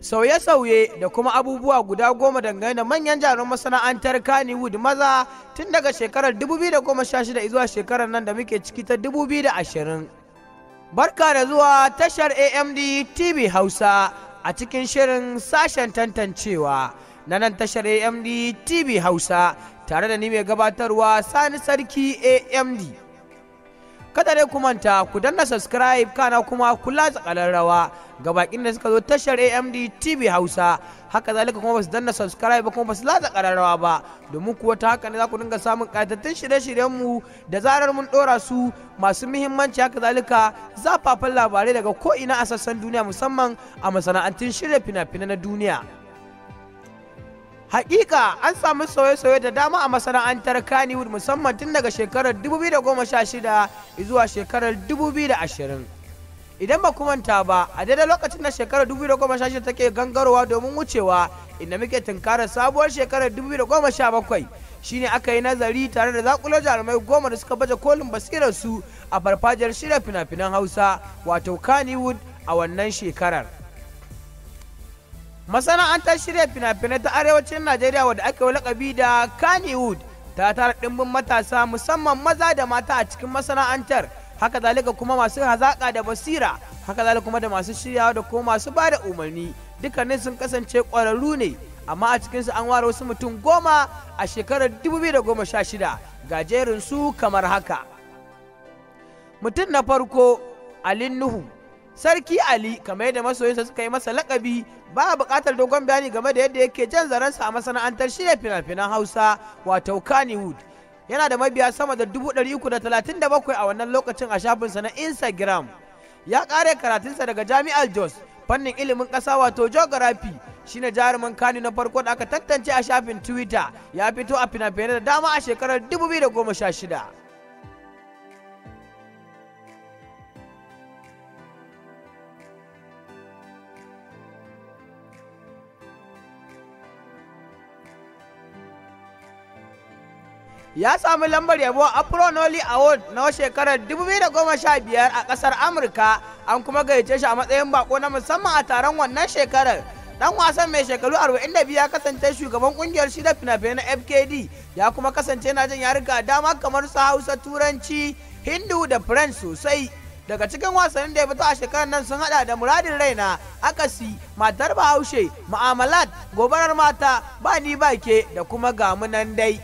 sauye-sauye da kuma abubuwa guda goma dangane da manyan jaruman masana'antar Kannywood maza tun daga shekarar 2016 zuwa shekarar nan da muke ciki ta 2020. Barka da zuwa tashar AMD TV Hausa a cikin shirin sashen tantancewa na nan tashar AMD TV Hausa tare da ni mai gabatarwa Sani Sarki AMD. Kada dai kumanta ku danna subscribe kana kuma kula tsakalar rawa. ga bakin da suka zo tashar AMD TV Hausa haka zalika kuma basu danna subscribe ba kuma basu latsa kararrawa ba domin kuwa ta haka ne za ku dinga samun katattun shirye-shiryen mu da zarar mun dora su masu muhimmanci haka zalika zafafan labarai daga ko ina a sassan duniya musamman a masana'antun shirya fina-finai na duniya Hakika an samu sauye-sauye da dama a masana'antar Kannywood musamman tun daga shekarar 2016 zuwa shekarar 2020. idan ba kumanta ba a daidai lokacin na shekarar 2016 take gangarowa domin wucewa inda muke tunkarar sabuwar shekarar 2017 shine aka yi nazari tare da zakulo jarumai goma da suka baje kolin basirar su a farfajiyar shirya fina-finan hausa wato kannywood a wannan shekarar masana'antar shirya fina-finai ta arewacin najeriya wadda ake yi lakabi da kannywood ta tara dimbin matasa musamman maza da mata a cikin masana'antar haka zalika kuma masu hazaƙa da basira haka zalika kuma da masu shiryawa da kuma masu ba da umarni dukkanin sun kasance ƙwararru ne amma a cikinsu an ware wasu mutum goma a shekarar 2016 gajerin su kamar haka mutum na farko alin nuhu sarki ali kamar yadda masoyinsa suka yi masa lakabi ba a bukatar dogon bayani game da yadda yake jan zaransa a masana'antar shirya fina-finan hausa wato kannywood yana da mabiya sama da 337 a wannan lokacin a shafinsa na instagram ya kare karatunsa daga jami'ar jos fannin ilimin ƙasa wato geography shine jaruman kano na farko da aka tantance a shafin twitter ya fito a fina da dama a shekarar 2016 ya sami lambar yabo a Pro Nolly Award na shekarar 2015 a kasar Amurka an kuma gayyace shi a matsayin bako na musamman a taron wannan shekarar. Dan wasan mai shekaru 42 ya kasance shugaban kungiyar shida fina-finai na FKD ya kuma kasance na jin yarika dama kamar su Hausa Turanci, Hindu da French sosai. daga cikin wasannin da ya fito a shekarar nan sun hada da muradin raina akasi matar bahaushe ma'amalat gobarar mata bani bake da kuma gamu dai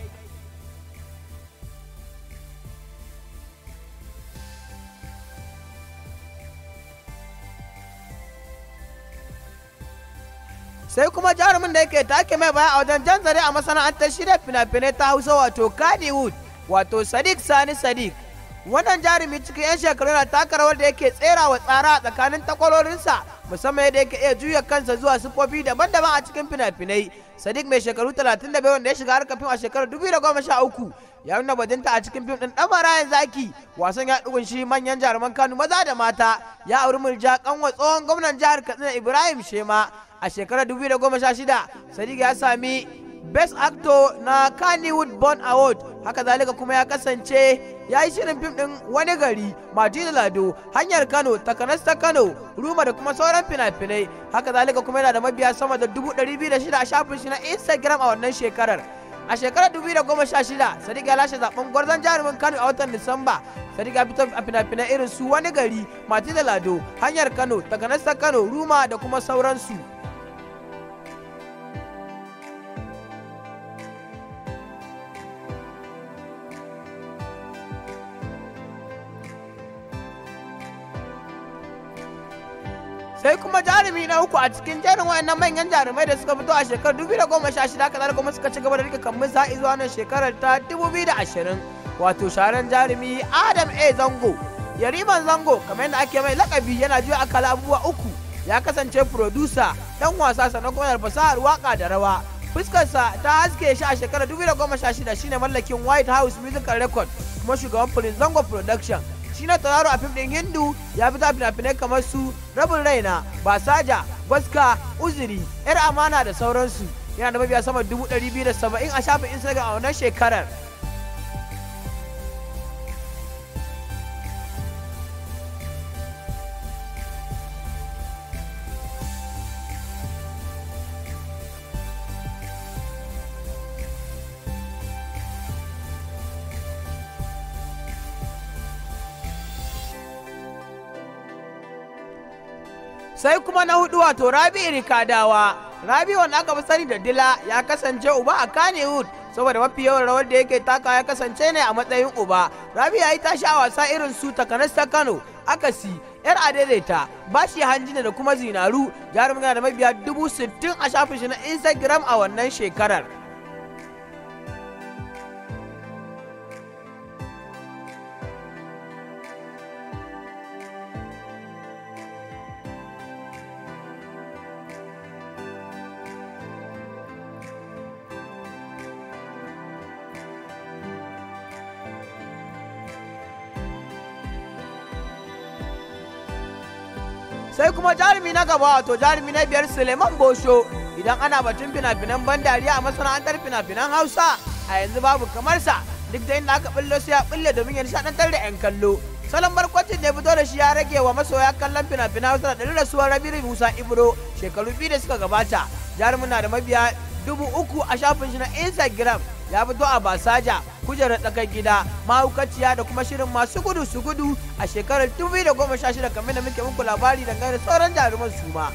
sai kuma jarumin da yake take mai baya a wajen jan zare a masana'antar shirya fina-finai ta hausa wato kannywood wato sadiq sani sadiq wannan jarumi cikin 'yan shekaru na taka rawar da yake tsera wa tsara a tsakanin takwarorinsa musamman yadda yake iya juya kansa zuwa siffofi daban-daban a cikin fina-finai sadiq mai shekaru 35 wanda ya shiga harkar fim a shekarar 2013 ya nuna bajinta a cikin fim din dan marayan zaki wasan ya shi manyan jaruman kano maza da mata ya auri murja kanwa tsohon gwamnan jihar katsina ibrahim shema a shekarar 2016 sadiq ya sami best actor na Kannywood Born Award haka zalika kuma ya kasance ya yi shirin fim ɗin wani gari Madina Lado hanyar Kano takanas ta Kano Ruma da kuma sauran fina-finai haka zalika kuma yana da mabiya sama da 2,600 a shafin shi na Instagram a wannan shekarar a shekarar 2016 sadiq ya lashe zaben gwarzon jarumin kano a watan disamba sadiq ya fito a fina-finai irin su wani gari Madina Lado hanyar Kano takanas ta Kano Ruma da kuma sauransu sai kuma jarumi na uku a cikin jerin wayannan manyan jarumai da suka fito a shekarar 2016 kadar kuma suka ci gaba da rike kan sa'i zuwa nan shekarar ta 2020 wato sharan jarumi adam a zango yariman zango kamar yadda ake mai lakabi yana juya a abubuwa uku ya kasance producer dan wasa sannan kuma da fasahar waka da rawa fuskarsa ta haske shi a shekarar 2016 shine mallakin white house musical record kuma shugaban prince zango production shi tauraro a fim ɗin hindu ya fi fina-finai kamar su rabin raina basaja gwaska uzuri yar amana da sauransu yana da mabiya sama dubu ɗari biyu da saba'in a shafin instagram a wannan shekarar sai kuma na hudu wato rabi irikadawa rabi wanda aka fi sani da dila ya kasance uba a kanewood saboda mafi yawan rawar da yake taka ya kasance ne a matsayin uba rabi ya yi tashi a wasa irin su takanasta ta kano akasi yar adaidaita bashi hanjina da kuma zinaru jarumin da mabiya dubu sittin a shafin shi na instagram a wannan shekarar sai kuma jarumi na gaba wato jarumi na biyar suleiman bosho idan ana batun fina-finan ban dariya a masana'antar fina-finan hausa a yanzu babu kamar sa duk da inda aka billo sai ya bulle domin ya nishaɗantar da 'yan kallo salon barkwacin da ya fito da shi ya rage wa masoya kallon fina-finan hausa da rasuwar rabiru musa ibro shekaru biyu da suka gabata jarumin na da mabiya dubu uku a shafin shi na instagram ya fito a basaja kujerar tsakar gida mahaukaciya da kuma shirin masu gudu su gudu a shekarar 2016 kamar da muke muku labari dangane da sauran jaruman suma.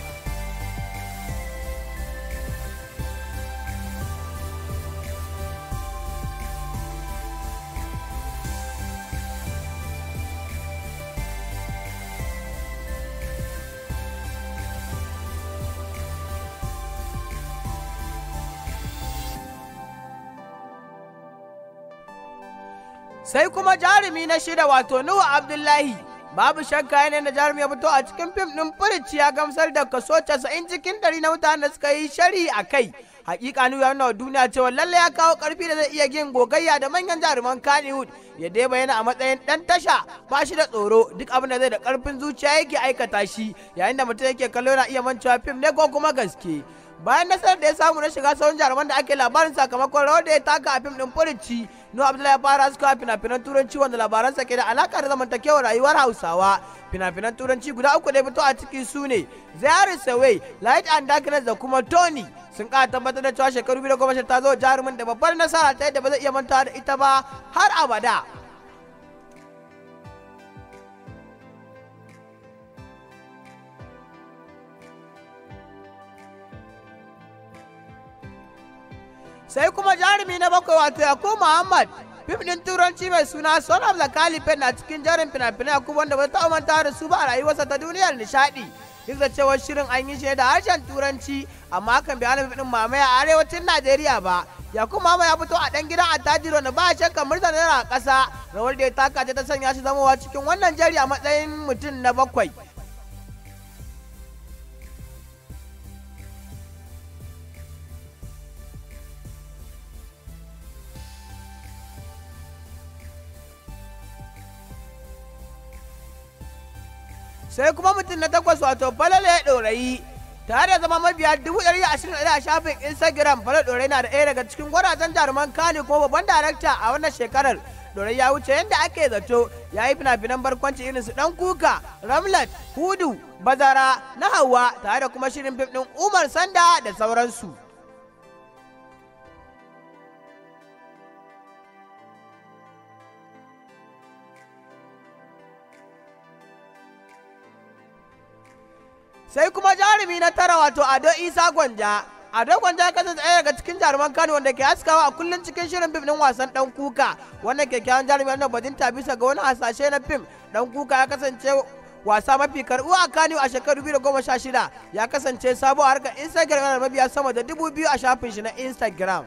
sai kuma jarumi na shida wato Nuhu Abdullahi babu shakka yana da jarumi ya fito a cikin fim din furici ya gamsar da kaso 90 cikin dari na mutanen da suka yi shari a kai hakika Nuhu ya nuna duniya cewa lalle ya kawo karfi da zai iya yin gogayya da manyan jaruman Kannywood ya dai bayyana a matsayin dan tasha ba shi da tsoro duk abin da zai da karfin zuciya yake aikata shi yayin da mutum yake kallo na iya mancewa fim ne ko kuma gaske bayan nasarar da ya samu na shiga sauran jaruman da ake labarin sakamakon rawar da ya taka a fim din furici no abdullahi ya fara haskawa fina-finan turanci wanda labaransa ke da alaka da zamantakewar rayuwar hausawa fina-finan turanci guda uku da fito a ciki su ne zayar sawai light and darkness da kuma tony sun kara tabbatar da cewa shekaru biyu da goma ta zo jarumin da babbar nasara ta yadda ba zai iya mantawa da ita ba har abada sai kuma jarumi na bakwai wato yakubu muhammad fim din turanci mai suna son of the caliphate na cikin jarin fina-finai kuma wanda ba ta manta da su ba a rayuwarsa ta duniyar nishaɗi duk da cewa shirin an yi shi da harshen turanci amma kan bi ana fim mamaya a arewacin najeriya ba yakubu muhammad ya fito a dan gidan attajiro na ba a shakka murza naira a ƙasa rawar da ya taka ta sanya shi zamowa cikin wannan jari a matsayin mutum na bakwai sai kuma mutum na takwas wato falale ɗorayi tare da zama mabiya dubu ɗari ashirin a shafin instagram falale ɗorayi na da ɗaya daga cikin gwarazan jaruman kani ko babban darakta a wannan shekarar ɗorayi ya wuce yadda ake zato ya yi fina-finan barkwanci irin su ɗan kuka ramlet hudu bazara na hawa tare da kuma shirin fim ɗin umar sanda da sauransu. sai kuma jarumi na tara wato ado isa gwanja ado gwanja ya kasance ɗaya daga cikin jaruman kano wanda ke askawa a kullum cikin shirin fim ɗin wasan dan kuka wannan kyakkyawan jarumi na ta bisa ga wani hasashe na fim dan kuka ya kasance wasa mafi karbu a kano a shekaru biyu da goma sha shida ya kasance sabo a harkar instagram yana mabiya sama da dubu biyu a shafin shi na instagram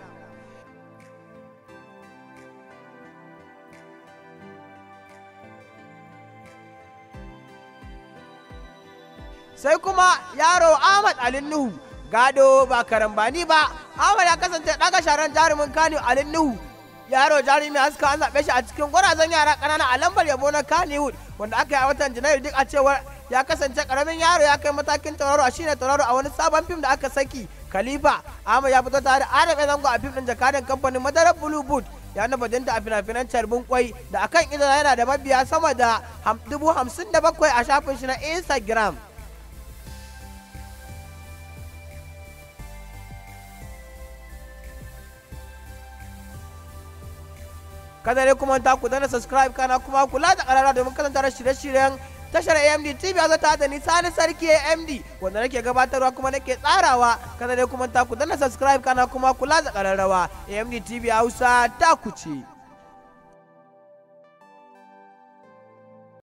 sai kuma yaro ahmad Alinuhu nuhu gado ba karambani ba ahmad ya kasance ɗaka sharan jarumin kano Alinuhu nuhu yaro jarumi haska an zaɓe shi a cikin gwarazan yara ƙanana a lambar yabo na Kano wanda aka yi a watan janairu duk a cewar ya kasance karamin yaro ya kai matakin tauraro a shine tauraro a wani sabon fim da aka saki khalifa ahmad ya fito tare da adam Ezango zango a fim din jakadan kamfanin madarar blue boot ya nufa dinta a fina-finan carbin kwai da akan idan yana da mabiya sama da dubu hamsin da bakwai a shafin shi na instagram kada ne kuma ta ku dana subscribe kana kuma kula da karara domin kasan da shirye-shiryen tashar AMD TV a zata da Sani Sarki AMD wanda nake gabatarwa kuma nake tsarawa kada ne kuma ta ku dana subscribe kana kuma kula da kararrawa AMD TV Hausa ta ku ce